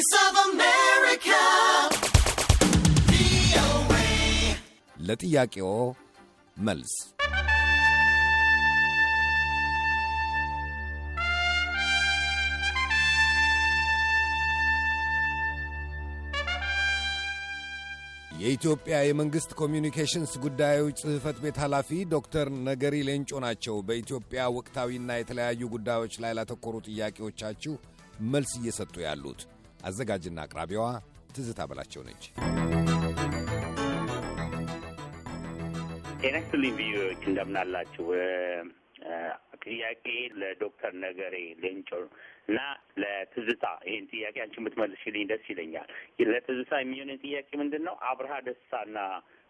Voice of America. ለጥያቄዎ መልስ የኢትዮጵያ የመንግሥት ኮሚዩኒኬሽንስ ጉዳዮች ጽሕፈት ቤት ኃላፊ ዶክተር ነገሪ ሌንጮ ናቸው። በኢትዮጵያ ወቅታዊና የተለያዩ ጉዳዮች ላይ ላተኮሩ ጥያቄዎቻችሁ መልስ እየሰጡ ያሉት አዘጋጅና አቅራቢዋ ትዝታ በላቸው ነች። ጤና ይስጥልኝ ቪዲዮዎች እንደምናላችሁ። ጥያቄ ለዶክተር ነገሬ ሌንጮ እና ለትዝታ ይህን ጥያቄ አንቺ የምትመልሽልኝ ደስ ይለኛል። ለትዝታ የሚሆን ጥያቄ ምንድን ነው? አብርሃ ደስታና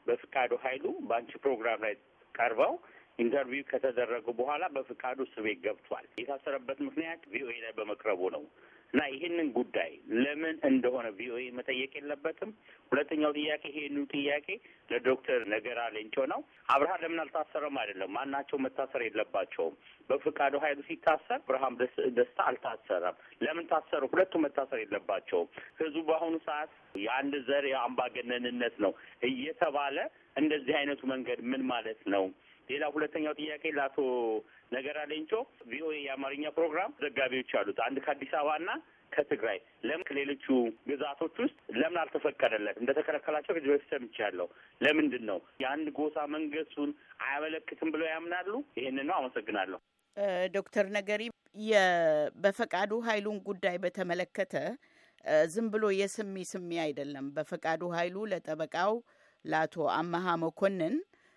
በፍቃዱ ኃይሉ በአንቺ ፕሮግራም ላይ ቀርበው ኢንተርቪው ከተደረጉ በኋላ በፍቃዱ እስር ቤት ገብቷል። የታሰረበት ምክንያት ቪኦኤ ላይ በመቅረቡ ነው። እና ይህንን ጉዳይ ለምን እንደሆነ ቪኦኤ መጠየቅ የለበትም። ሁለተኛው ጥያቄ ይሄንን ጥያቄ ለዶክተር ነገራ ሌንጮ ነው። አብርሃ ለምን አልታሰረም? አይደለም ማናቸው መታሰር የለባቸውም። በፍቃዱ ኃይሉ ሲታሰር ብርሃም ደስታ አልታሰረም። ለምን ታሰሩ? ሁለቱ መታሰር የለባቸውም። ህዝቡ በአሁኑ ሰዓት የአንድ ዘር የአምባገነንነት ነው እየተባለ እንደዚህ አይነቱ መንገድ ምን ማለት ነው? ሌላ ሁለተኛው ጥያቄ ለአቶ ነገራ ሌንጮ ቪኦኤ የአማርኛ ፕሮግራም ዘጋቢዎች አሉት አንድ ከአዲስ አበባና ከትግራይ ለምን ከሌሎቹ ግዛቶች ውስጥ ለምን አልተፈቀደለትም? እንደተከለከላቸው ከዚህ በፊት ሰምቻለሁ። ለምንድን ነው የአንድ ጎሳ መንገሱን አያመለክትም ብለው ያምናሉ? ይህንን ነው። አመሰግናለሁ። ዶክተር ነገሪ በፈቃዱ ኃይሉን ጉዳይ በተመለከተ ዝም ብሎ የስሚ ስሚ አይደለም። በፈቃዱ ኃይሉ ለጠበቃው ለአቶ አመሀ መኮንን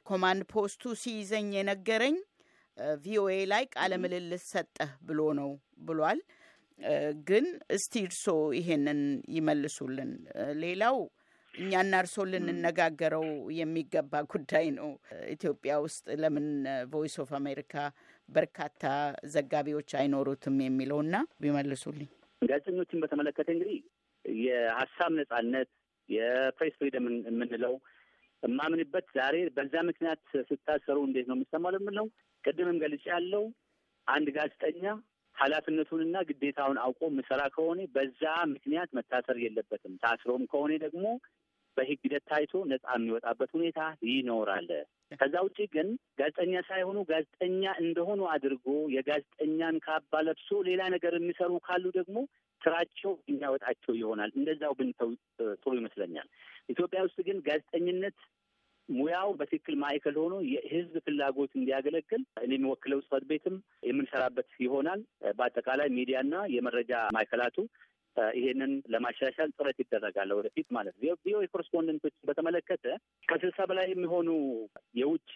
ኮማንድ ፖስቱ ሲይዘኝ የነገረኝ ቪኦኤ ላይ ቃለ ምልልስ ሰጠህ ብሎ ነው ብሏል። ግን እስቲ እርሶ ይሄንን ይመልሱልን። ሌላው እኛና እርሶ ልንነጋገረው የሚገባ ጉዳይ ነው። ኢትዮጵያ ውስጥ ለምን ቮይስ ኦፍ አሜሪካ በርካታ ዘጋቢዎች አይኖሩትም የሚለውና ቢመልሱልኝ። ጋዜጠኞችን በተመለከተ እንግዲህ የሀሳብ ነጻነት የፕሬስ ፍሪደም የምንለው የማምንበት ዛሬ በዛ ምክንያት ስታሰሩ እንዴት ነው የሚሰማው ለምን ነው ቅድምም ገልጬ ያለው አንድ ጋዜጠኛ ኃላፊነቱንና ግዴታውን አውቆ ምሰራ ከሆነ በዛ ምክንያት መታሰር የለበትም። ታስሮም ከሆነ ደግሞ በህግ ሂደት ታይቶ ነጻ የሚወጣበት ሁኔታ ይኖራል። ከዛ ውጭ ግን ጋዜጠኛ ሳይሆኑ ጋዜጠኛ እንደሆኑ አድርጎ የጋዜጠኛን ካባ ለብሶ ሌላ ነገር የሚሰሩ ካሉ ደግሞ ስራቸው የሚያወጣቸው ይሆናል። እንደዛው ብንተው ጥሩ ይመስለኛል። ኢትዮጵያ ውስጥ ግን ጋዜጠኝነት ሙያው በትክክል ማዕከል ሆኖ የህዝብ ፍላጎት እንዲያገለግል እኔ የሚወክለው ጽሕፈት ቤትም የምንሰራበት ይሆናል። በአጠቃላይ ሚዲያና የመረጃ ማዕከላቱ ይሄንን ለማሻሻል ጥረት ይደረጋል ወደፊት ማለት ነው። ቪኦኤ ኮረስፖንደንቶች በተመለከተ ከስልሳ በላይ የሚሆኑ የውጭ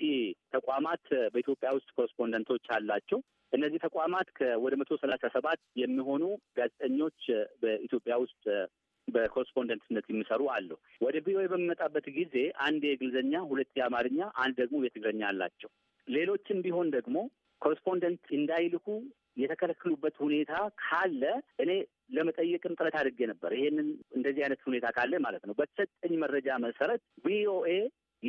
ተቋማት በኢትዮጵያ ውስጥ ኮረስፖንደንቶች አላቸው። እነዚህ ተቋማት ከወደ መቶ ሰላሳ ሰባት የሚሆኑ ጋዜጠኞች በኢትዮጵያ ውስጥ በኮረስፖንደንትነት የሚሰሩ አሉ። ወደ ቪኦኤ በሚመጣበት ጊዜ አንድ የእንግሊዝኛ፣ ሁለት የአማርኛ፣ አንድ ደግሞ የትግረኛ አላቸው። ሌሎችም ቢሆን ደግሞ ኮረስፖንደንት እንዳይልኩ የተከለከሉበት ሁኔታ ካለ እኔ ለመጠየቅም ጥረት አድርጌ ነበር። ይሄንን እንደዚህ አይነት ሁኔታ ካለ ማለት ነው። በተሰጠኝ መረጃ መሰረት ቪኦኤ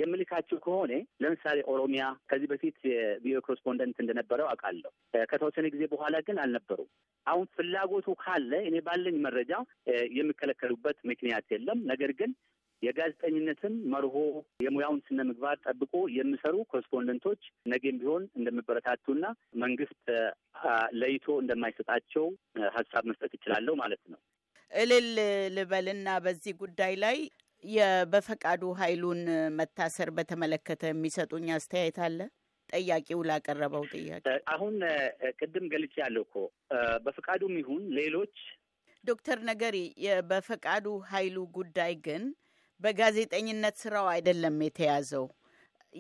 የምልካችሁ ከሆነ ለምሳሌ ኦሮሚያ ከዚህ በፊት የቪኦኤ ኮረስፖንደንት እንደነበረው አውቃለሁ። ከተወሰነ ጊዜ በኋላ ግን አልነበሩም። አሁን ፍላጎቱ ካለ እኔ ባለኝ መረጃ የሚከለከሉበት ምክንያት የለም። ነገር ግን የጋዜጠኝነትን መርሆ የሙያውን ስነ ምግባር ጠብቆ የሚሰሩ ኮረስፖንደንቶች ነገም ቢሆን እንደሚበረታቱና መንግስት ለይቶ እንደማይሰጣቸው ሀሳብ መስጠት ይችላለሁ ማለት ነው። እልል ልበልና በዚህ ጉዳይ ላይ የበፈቃዱ ኃይሉን መታሰር በተመለከተ የሚሰጡኝ አስተያየት አለ? ጠያቂው ላቀረበው ጥያቄ አሁን ቅድም ገልጬ ያለው እኮ በፈቃዱም ይሁን ሌሎች ዶክተር ነገሪ በፈቃዱ ኃይሉ ጉዳይ ግን በጋዜጠኝነት ስራው አይደለም የተያዘው።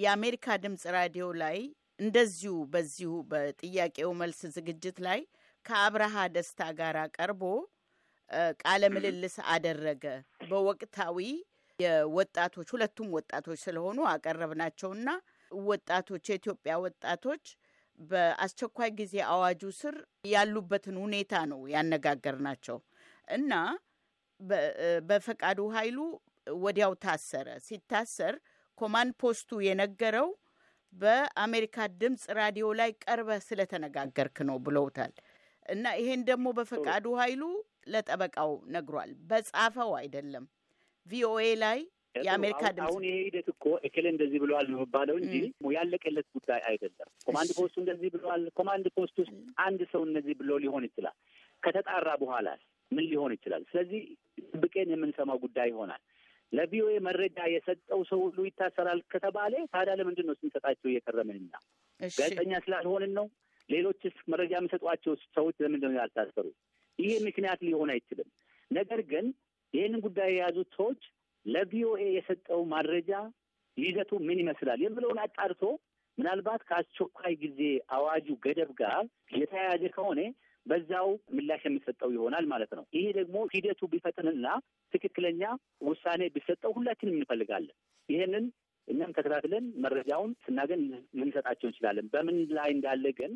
የአሜሪካ ድምፅ ራዲዮ ላይ እንደዚሁ በዚሁ በጥያቄው መልስ ዝግጅት ላይ ከአብርሃ ደስታ ጋር ቀርቦ ቃለ ምልልስ አደረገ። በወቅታዊ የወጣቶች ሁለቱም ወጣቶች ስለሆኑ አቀረብናቸውና ወጣቶች የኢትዮጵያ ወጣቶች በአስቸኳይ ጊዜ አዋጁ ስር ያሉበትን ሁኔታ ነው ያነጋገርናቸው እና በፈቃዱ ኃይሉ ወዲያው ታሰረ። ሲታሰር ኮማንድ ፖስቱ የነገረው በአሜሪካ ድምፅ ራዲዮ ላይ ቀርበህ ስለተነጋገርክ ነው ብለውታል። እና ይሄን ደግሞ በፈቃዱ ኃይሉ ለጠበቃው ነግሯል። በጻፈው አይደለም ቪኦኤ ላይ የአሜሪካ ድምጽ አሁን ይሄ ሂደት እኮ እክል እንደዚህ ብለዋል ነው የሚባለው እንጂ ያለቀለት ጉዳይ አይደለም። ኮማንድ ፖስቱ እንደዚህ ብለዋል። ኮማንድ ፖስት ውስጥ አንድ ሰው እነዚህ ብሎ ሊሆን ይችላል። ከተጣራ በኋላ ምን ሊሆን ይችላል? ስለዚህ ብቄን የምንሰማው ጉዳይ ይሆናል። ለቪኦኤ መረጃ የሰጠው ሰው ሁሉ ይታሰራል ከተባለ ታዲያ ለምንድን ነው ስንሰጣቸው እየከረምንና ጋዜጠኛ ስላልሆንን ነው? ሌሎችስ መረጃ የሚሰጧቸው ሰዎች ለምንድን ነው ያልታሰሩ? ይሄ ምክንያት ሊሆን አይችልም። ነገር ግን ይህንን ጉዳይ የያዙት ሰዎች ለቪኦኤ የሰጠው ማድረጃ ይዘቱ ምን ይመስላል የምለውን አጣርቶ ምናልባት ከአስቸኳይ ጊዜ አዋጁ ገደብ ጋር የተያያዘ ከሆነ በዛው ምላሽ የሚሰጠው ይሆናል ማለት ነው። ይሄ ደግሞ ሂደቱ ቢፈጥንና ትክክለኛ ውሳኔ ቢሰጠው ሁላችንም እንፈልጋለን። ይህንን እኛም ተከታትለን መረጃውን ስናገን ልንሰጣቸው እንችላለን። በምን ላይ እንዳለ ግን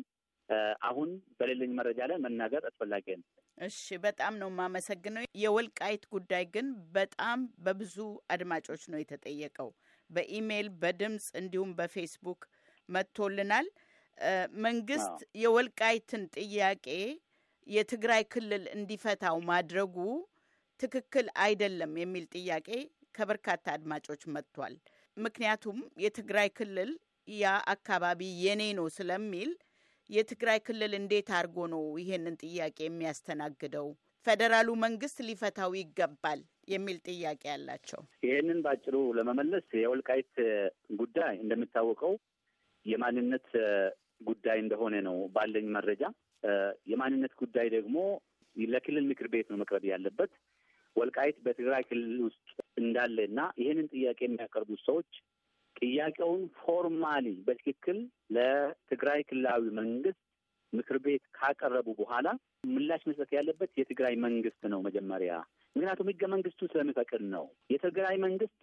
አሁን በሌለኝ መረጃ ላይ መናገር አስፈላጊ ነው። እሺ፣ በጣም ነው የማመሰግነው። የወልቃይት ጉዳይ ግን በጣም በብዙ አድማጮች ነው የተጠየቀው። በኢሜይል በድምፅ እንዲሁም በፌስቡክ መጥቶልናል። መንግስት የወልቃይትን ጥያቄ የትግራይ ክልል እንዲፈታው ማድረጉ ትክክል አይደለም የሚል ጥያቄ ከበርካታ አድማጮች መጥቷል። ምክንያቱም የትግራይ ክልል ያ አካባቢ የኔ ነው ስለሚል የትግራይ ክልል እንዴት አድርጎ ነው ይሄንን ጥያቄ የሚያስተናግደው? ፌዴራሉ መንግስት ሊፈታው ይገባል የሚል ጥያቄ አላቸው። ይህንን በአጭሩ ለመመለስ የወልቃይት ጉዳይ እንደሚታወቀው የማንነት ጉዳይ እንደሆነ ነው ባለኝ መረጃ። የማንነት ጉዳይ ደግሞ ለክልል ምክር ቤት ነው መቅረብ ያለበት። ወልቃይት በትግራይ ክልል ውስጥ እንዳለ እና ይህንን ጥያቄ የሚያቀርቡት ሰዎች ጥያቄውን ፎርማሊ በትክክል ለትግራይ ክልላዊ መንግስት ምክር ቤት ካቀረቡ በኋላ ምላሽ መስጠት ያለበት የትግራይ መንግስት ነው መጀመሪያ። ምክንያቱም ህገ መንግስቱ ስለሚፈቅድ ነው። የትግራይ መንግስት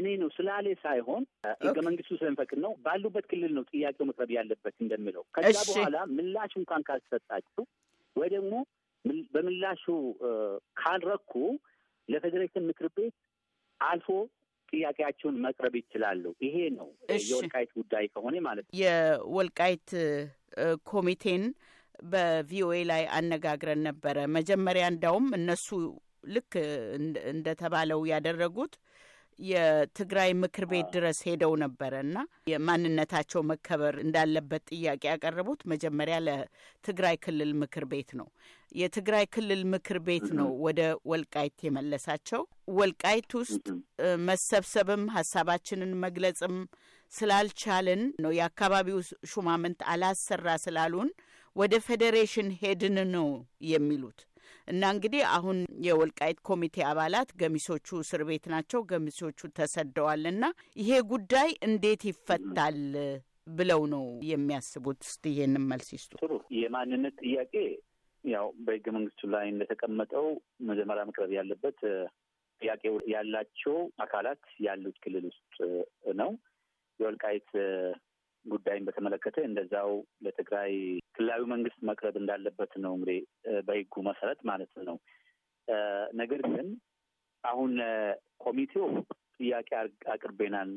እኔ ነው ስላሌ ሳይሆን ህገ መንግስቱ ስለሚፈቅድ ነው። ባሉበት ክልል ነው ጥያቄው መቅረብ ያለበት እንደሚለው። ከዛ በኋላ ምላሽ እንኳን ካልተሰጣችሁ ወይ ደግሞ በምላሹ ካልረኩ ለፌዴሬሽን ምክር ቤት አልፎ ጥያቄያቸውን መቅረብ ይችላሉ። ይሄ ነው የወልቃይት ጉዳይ ከሆነ ማለት ነው። የወልቃይት ኮሚቴን በቪኦኤ ላይ አነጋግረን ነበረ። መጀመሪያ እንዳውም እነሱ ልክ እንደተባለው ያደረጉት የትግራይ ምክር ቤት ድረስ ሄደው ነበረ እና የማንነታቸው መከበር እንዳለበት ጥያቄ ያቀረቡት መጀመሪያ ለትግራይ ክልል ምክር ቤት ነው። የትግራይ ክልል ምክር ቤት ነው ወደ ወልቃይት የመለሳቸው። ወልቃይት ውስጥ መሰብሰብም ሀሳባችንን መግለጽም ስላልቻልን ነው የአካባቢው ሹማምንት አላሰራ ስላሉን ወደ ፌዴሬሽን ሄድን ነው የሚሉት። እና እንግዲህ አሁን የወልቃይት ኮሚቴ አባላት ገሚሶቹ እስር ቤት ናቸው፣ ገሚሶቹ ተሰደዋል። እና ይሄ ጉዳይ እንዴት ይፈታል ብለው ነው የሚያስቡት? እስቲ ይህንን መልስ ይስጡ። ጥሩ የማንነት ጥያቄ ያው በህገ መንግስቱ ላይ እንደተቀመጠው መጀመሪያ መቅረብ ያለበት ጥያቄው ያላቸው አካላት ያሉት ክልል ውስጥ ነው። የወልቃይት ጉዳይን በተመለከተ እንደዛው ለትግራይ ክልላዊ መንግስት መቅረብ እንዳለበት ነው እንግዲህ በህጉ መሰረት ማለት ነው። ነገር ግን አሁን ኮሚቴው ጥያቄ አቅርቤናል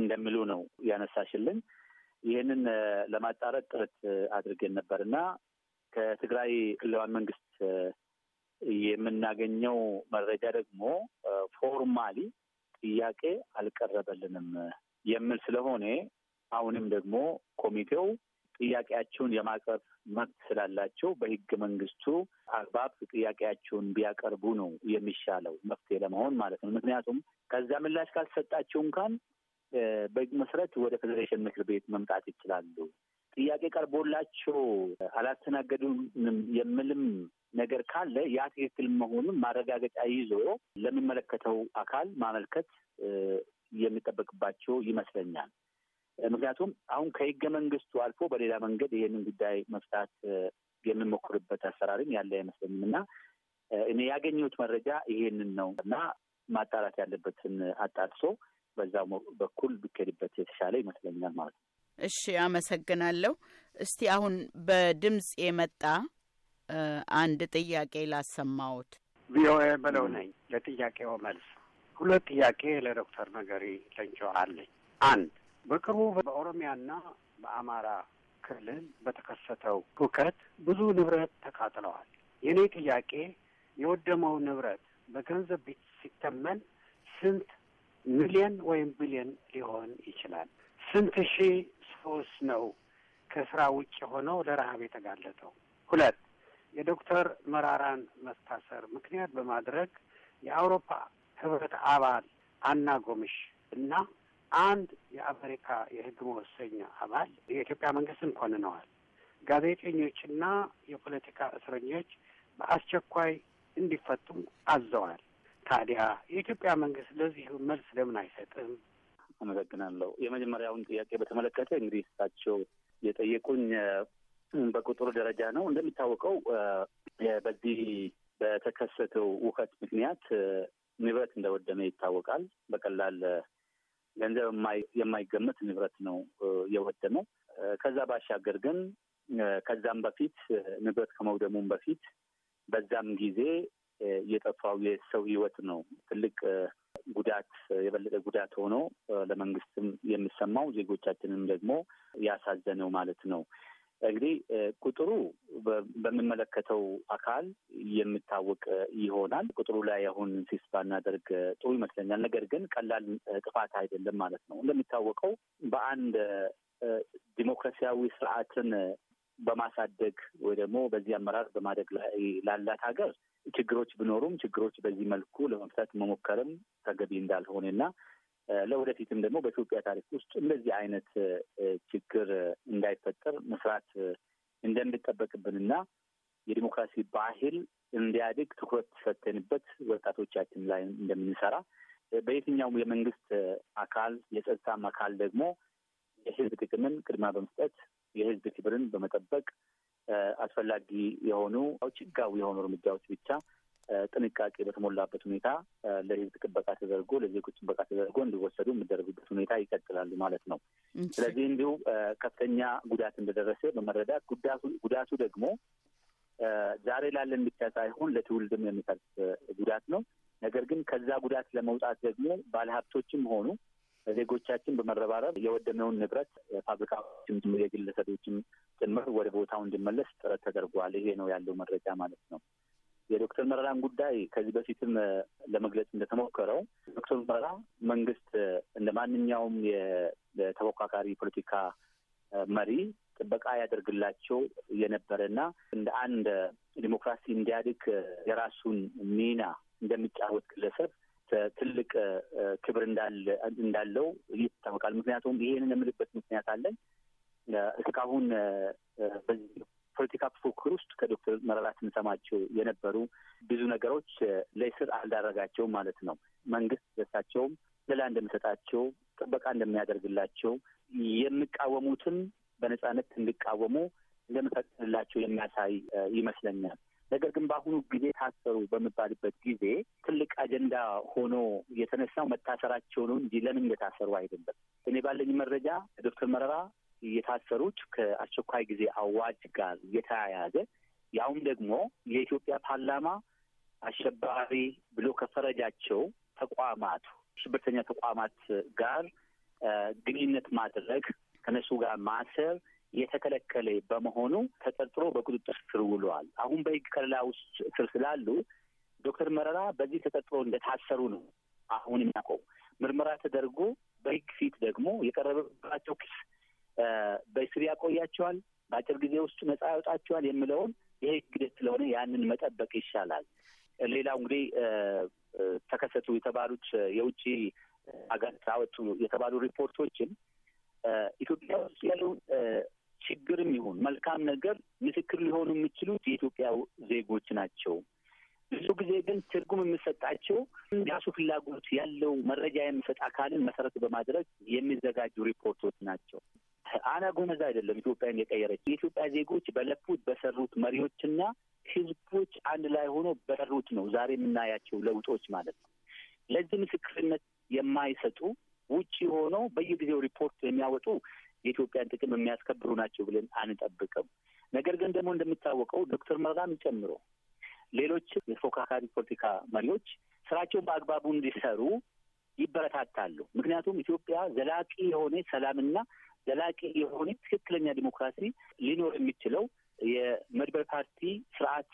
እንደሚሉ ነው ያነሳሽልን። ይህንን ለማጣራት ጥረት አድርገን ነበር እና ከትግራይ ክልላዊ መንግስት የምናገኘው መረጃ ደግሞ ፎርማሊ ጥያቄ አልቀረበልንም የሚል ስለሆነ አሁንም ደግሞ ኮሚቴው ጥያቄያቸውን የማቅረብ መብት ስላላቸው በህገ መንግስቱ አግባብ ጥያቄያቸውን ቢያቀርቡ ነው የሚሻለው መፍትሄ ለመሆን ማለት ነው። ምክንያቱም ከዛ ምላሽ ካልሰጣቸው እንኳን በህግ መሰረት ወደ ፌዴሬሽን ምክር ቤት መምጣት ይችላሉ። ጥያቄ ቀርቦላቸው አላስተናገዱንም የምልም ነገር ካለ ያ ትክክል መሆኑን ማረጋገጫ ይዞ ለሚመለከተው አካል ማመልከት የሚጠበቅባቸው ይመስለኛል። ምክንያቱም አሁን ከህገ መንግስቱ አልፎ በሌላ መንገድ ይህንን ጉዳይ መፍታት የምንሞክርበት አሰራርም ያለ አይመስለኝም እና እኔ ያገኘሁት መረጃ ይሄንን ነው እና ማጣራት ያለበትን አጣርሶ በዛ በኩል ቢከድበት የተሻለ ይመስለኛል ማለት ነው። እሺ፣ አመሰግናለሁ። እስቲ አሁን በድምፅ የመጣ አንድ ጥያቄ ላሰማዎት። ቪኦኤ ብለው ነኝ። ለጥያቄው መልስ ሁለት ጥያቄ ለዶክተር ነገሪ ለንጮ አለኝ። አንድ በቅርቡ በኦሮሚያና በአማራ ክልል በተከሰተው ሁከት ብዙ ንብረት ተቃጥለዋል። የእኔ ጥያቄ የወደመው ንብረት በገንዘብ ሲተመን ስንት ሚሊየን ወይም ቢሊየን ሊሆን ይችላል? ስንት ሺህ ፈውስ ነው ከስራ ውጭ ሆነው ለረሀብ የተጋለጠው። ሁለት የዶክተር መራራን መታሰር ምክንያት በማድረግ የአውሮፓ ህብረት አባል አና ጎምሽ እና አንድ የአሜሪካ የህግ መወሰኛ አባል የኢትዮጵያ መንግስትን ኮንነዋል። ጋዜጠኞችና የፖለቲካ እስረኞች በአስቸኳይ እንዲፈቱም አዘዋል። ታዲያ የኢትዮጵያ መንግስት ለዚህ መልስ ለምን አይሰጥም? አመሰግናለሁ። የመጀመሪያውን ጥያቄ በተመለከተ እንግዲህ እሳቸው የጠየቁኝ በቁጥሩ ደረጃ ነው። እንደሚታወቀው በዚህ በተከሰተው ውከት ምክንያት ንብረት እንደወደመ ይታወቃል። በቀላል ገንዘብ የማይገመት ንብረት ነው የወደመው። ከዛ ባሻገር ግን ከዛም በፊት ንብረት ከመውደሙም በፊት በዛም ጊዜ የጠፋው የሰው ህይወት ነው ትልቅ ጉዳት የበለጠ ጉዳት ሆኖ ለመንግስትም የሚሰማው ዜጎቻችንም ደግሞ ያሳዘነው ማለት ነው። እንግዲህ ቁጥሩ በሚመለከተው አካል የሚታወቅ ይሆናል። ቁጥሩ ላይ አሁን ሲስ ባናደርግ ጥሩ ይመስለኛል። ነገር ግን ቀላል ጥፋት አይደለም ማለት ነው። እንደሚታወቀው በአንድ ዲሞክራሲያዊ ስርዓትን በማሳደግ ወይ ደግሞ በዚህ አመራር በማደግ ላይ ላላት ሀገር ችግሮች ቢኖሩም ችግሮች በዚህ መልኩ ለመፍታት መሞከርም ተገቢ እንዳልሆነ እና ለወደፊትም ደግሞ በኢትዮጵያ ታሪክ ውስጥ እንደዚህ አይነት ችግር እንዳይፈጠር መስራት እንደሚጠበቅብንና የዲሞክራሲ ባህል እንዲያድግ ትኩረት ሰተንበት ወጣቶቻችን ላይ እንደምንሰራ በየትኛውም የመንግስት አካል የጸጥታም አካል ደግሞ የህዝብ ጥቅምን ቅድሚያ በመስጠት የህዝብ ክብርን በመጠበቅ አስፈላጊ የሆኑ ህጋዊ የሆኑ እርምጃዎች ብቻ ጥንቃቄ በተሞላበት ሁኔታ ለህዝብ ጥበቃ ተደርጎ ለዜጎች ጥበቃ ተደርጎ እንዲወሰዱ የሚደረጉበት ሁኔታ ይቀጥላሉ ማለት ነው። ስለዚህ እንዲሁ ከፍተኛ ጉዳት እንደደረሰ በመረዳት ጉዳቱ ደግሞ ዛሬ ላለን ብቻ ሳይሆን ለትውልድም የሚተርፍ ጉዳት ነው። ነገር ግን ከዛ ጉዳት ለመውጣት ደግሞ ባለሀብቶችም ሆኑ ዜጎቻችን በመረባረብ የወደመውን ንብረት ፋብሪካዎችም የግለሰቦችም ጭምር ወደ ቦታው እንዲመለስ ጥረት ተደርጓል። ይሄ ነው ያለው መረጃ ማለት ነው። የዶክተር መረራን ጉዳይ ከዚህ በፊትም ለመግለጽ እንደተሞከረው ዶክተር መረራ መንግስት እንደ ማንኛውም የተፎካካሪ ፖለቲካ መሪ ጥበቃ ያደርግላቸው የነበረና እንደ አንድ ዲሞክራሲ እንዲያድግ የራሱን ሚና እንደሚጫወት ግለሰብ ትልቅ ክብር እንዳለው ይታወቃል። ምክንያቱም ይሄንን የምልበት ምክንያት አለን። እስካሁን በዚህ ፖለቲካ ፉክክር ውስጥ ከዶክተር መረራ ስንሰማቸው የነበሩ ብዙ ነገሮች ለእስር አልዳረጋቸውም ማለት ነው። መንግስት ደሳቸውም ሌላ እንደሚሰጣቸው ጥበቃ እንደሚያደርግላቸው የሚቃወሙትም በነጻነት እንዲቃወሙ እንደሚፈቅድላቸው የሚያሳይ ይመስለኛል። ነገር ግን በአሁኑ ጊዜ ታሰሩ በምባልበት ጊዜ ትልቅ አጀንዳ ሆኖ የተነሳው መታሰራቸው ነው እንጂ ለምን እንደታሰሩ አይደለም። እኔ ባለኝ መረጃ ዶክተር መረራ የታሰሩት ከአስቸኳይ ጊዜ አዋጅ ጋር የተያያዘ ያውም ደግሞ የኢትዮጵያ ፓርላማ አሸባሪ ብሎ ከፈረጃቸው ተቋማት ሽብርተኛ ተቋማት ጋር ግንኙነት ማድረግ፣ ከነሱ ጋር ማሰር የተከለከለ በመሆኑ ተጠርጥሮ በቁጥጥር ስር ውለዋል። አሁን በህግ ከለላ ውስጥ ስር ስላሉ ዶክተር መረራ በዚህ ተጠርጥሮ እንደታሰሩ ነው አሁን የሚያውቀው። ምርመራ ተደርጎ በህግ ፊት ደግሞ የቀረበባቸው ክስ በስር ያቆያቸዋል፣ በአጭር ጊዜ ውስጥ ነጻ ያወጣቸዋል የሚለውን የህግ ሂደት ስለሆነ ያንን መጠበቅ ይሻላል። ሌላው እንግዲህ ተከሰቱ የተባሉት የውጭ ሀገር አወጡ የተባሉ ሪፖርቶችን ኢትዮጵያ ውስጥ ያሉ ችግርም ይሁን መልካም ነገር ምስክር ሊሆኑ የሚችሉት የኢትዮጵያ ዜጎች ናቸው። ብዙ ጊዜ ግን ትርጉም የምሰጣቸው የራሱ ፍላጎት ያለው መረጃ የሚሰጥ አካልን መሰረት በማድረግ የሚዘጋጁ ሪፖርቶች ናቸው። አና ጎመዝ አይደለም ኢትዮጵያን የቀየረች። የኢትዮጵያ ዜጎች በለፉት በሰሩት መሪዎችና ህዝቦች አንድ ላይ ሆኖ በሰሩት ነው ዛሬ የምናያቸው ለውጦች ማለት ነው። ለዚህ ምስክርነት የማይሰጡ ውጭ ሆነው በየጊዜው ሪፖርት የሚያወጡ የኢትዮጵያን ጥቅም የሚያስከብሩ ናቸው ብለን አንጠብቅም። ነገር ግን ደግሞ እንደሚታወቀው ዶክተር መራን ጨምሮ ሌሎች የተፎካካሪ ፖለቲካ መሪዎች ስራቸው በአግባቡ እንዲሰሩ ይበረታታሉ። ምክንያቱም ኢትዮጵያ ዘላቂ የሆነ ሰላምና ዘላቂ የሆነ ትክክለኛ ዲሞክራሲ ሊኖር የሚችለው የመድበር ፓርቲ ስርዓት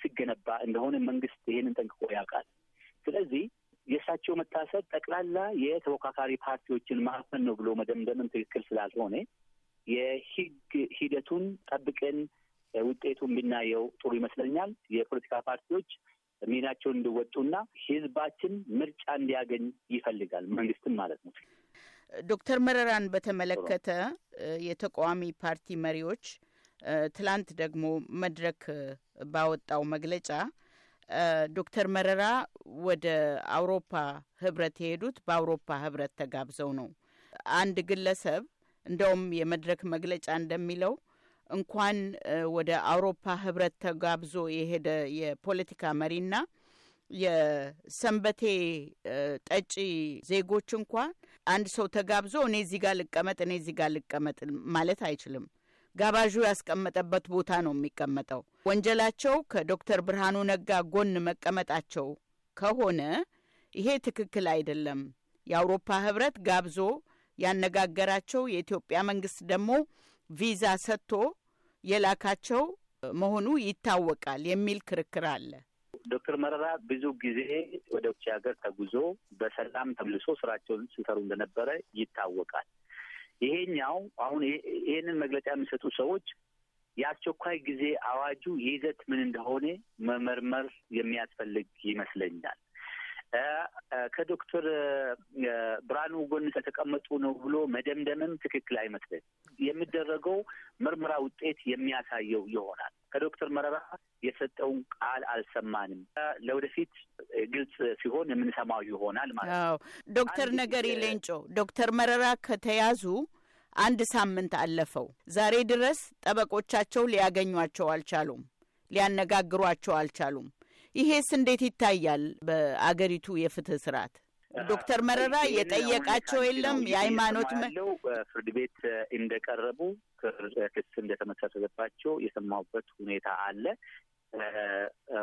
ሲገነባ እንደሆነ መንግስት ይሄንን ጠንቅቆ ያውቃል። ስለዚህ የእሳቸው መታሰር ጠቅላላ የተፎካካሪ ፓርቲዎችን ማፈን ነው ብሎ መደምደምም ትክክል ስላልሆነ የህግ ሂደቱን ጠብቀን ውጤቱን ብናየው ጥሩ ይመስለኛል። የፖለቲካ ፓርቲዎች ሚናቸውን እንዲወጡና ህዝባችን ምርጫ እንዲያገኝ ይፈልጋል መንግስትም ማለት ነው። ዶክተር መረራን በተመለከተ የተቃዋሚ ፓርቲ መሪዎች ትላንት ደግሞ መድረክ ባወጣው መግለጫ ዶክተር መረራ ወደ አውሮፓ ህብረት የሄዱት በአውሮፓ ህብረት ተጋብዘው ነው። አንድ ግለሰብ እንደውም የመድረክ መግለጫ እንደሚለው እንኳን ወደ አውሮፓ ህብረት ተጋብዞ የሄደ የፖለቲካ መሪና የሰንበቴ ጠጪ ዜጎች እንኳን አንድ ሰው ተጋብዞ እኔ እዚህ ጋር ልቀመጥ፣ እኔ እዚህ ጋር ልቀመጥ ማለት አይችልም። ጋባዡ ያስቀመጠበት ቦታ ነው የሚቀመጠው። ወንጀላቸው ከዶክተር ብርሃኑ ነጋ ጎን መቀመጣቸው ከሆነ ይሄ ትክክል አይደለም። የአውሮፓ ህብረት ጋብዞ ያነጋገራቸው የኢትዮጵያ መንግስት ደግሞ ቪዛ ሰጥቶ የላካቸው መሆኑ ይታወቃል የሚል ክርክር አለ። ዶክተር መረራ ብዙ ጊዜ ወደ ውጭ ሀገር ተጉዞ በሰላም ተመልሶ ስራቸውን ሲሰሩ እንደነበረ ይታወቃል። ይሄኛው አሁን ይሄንን መግለጫ የሚሰጡ ሰዎች የአስቸኳይ ጊዜ አዋጁ ይዘት ምን እንደሆነ መመርመር የሚያስፈልግ ይመስለኛል። ከዶክተር ብርሃኑ ጎን ተቀመጡ ነው ብሎ መደምደምም ትክክል አይመስልም። የሚደረገው ምርመራ ውጤት የሚያሳየው ይሆናል። ከዶክተር መረራ የሰጠውን ቃል አልሰማንም። ለወደፊት ግልጽ ሲሆን የምንሰማው ይሆናል ማለት ነው። ዶክተር ነገሪ ሌንጮ ዶክተር መረራ ከተያዙ አንድ ሳምንት አለፈው። ዛሬ ድረስ ጠበቆቻቸው ሊያገኟቸው አልቻሉም፣ ሊያነጋግሯቸው አልቻሉም። ይሄስ እንዴት ይታያል በአገሪቱ የፍትህ ስርዓት? ዶክተር መረራ የጠየቃቸው የለም። የሃይማኖት ፍርድ ቤት እንደቀረቡ ክስ እንደተመሰረተባቸው የሰማሁበት ሁኔታ አለ።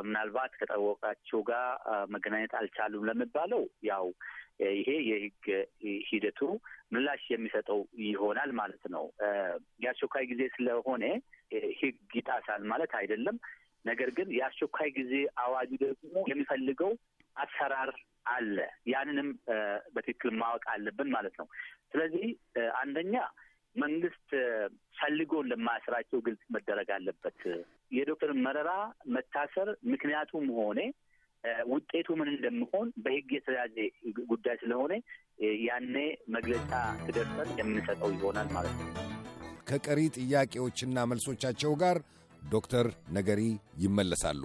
ምናልባት ከጠወቃቸው ጋር መገናኘት አልቻሉም ለሚባለው ያው ይሄ የህግ ሂደቱ ምላሽ የሚሰጠው ይሆናል ማለት ነው። የአስቸኳይ ጊዜ ስለሆነ ህግ ይጣሳል ማለት አይደለም። ነገር ግን የአስቸኳይ ጊዜ አዋጁ ደግሞ የሚፈልገው አሰራር አለ። ያንንም በትክክል ማወቅ አለብን ማለት ነው። ስለዚህ አንደኛ መንግስት ፈልጎ ለማያስራቸው ግልጽ መደረግ አለበት። የዶክተር መረራ መታሰር ምክንያቱም ሆነ ውጤቱ ምን እንደሚሆን በህግ የተያዘ ጉዳይ ስለሆነ ያኔ መግለጫ ትደርሰን የምንሰጠው ይሆናል ማለት ነው። ከቀሪ ጥያቄዎችና መልሶቻቸው ጋር ዶክተር ነገሪ ይመለሳሉ።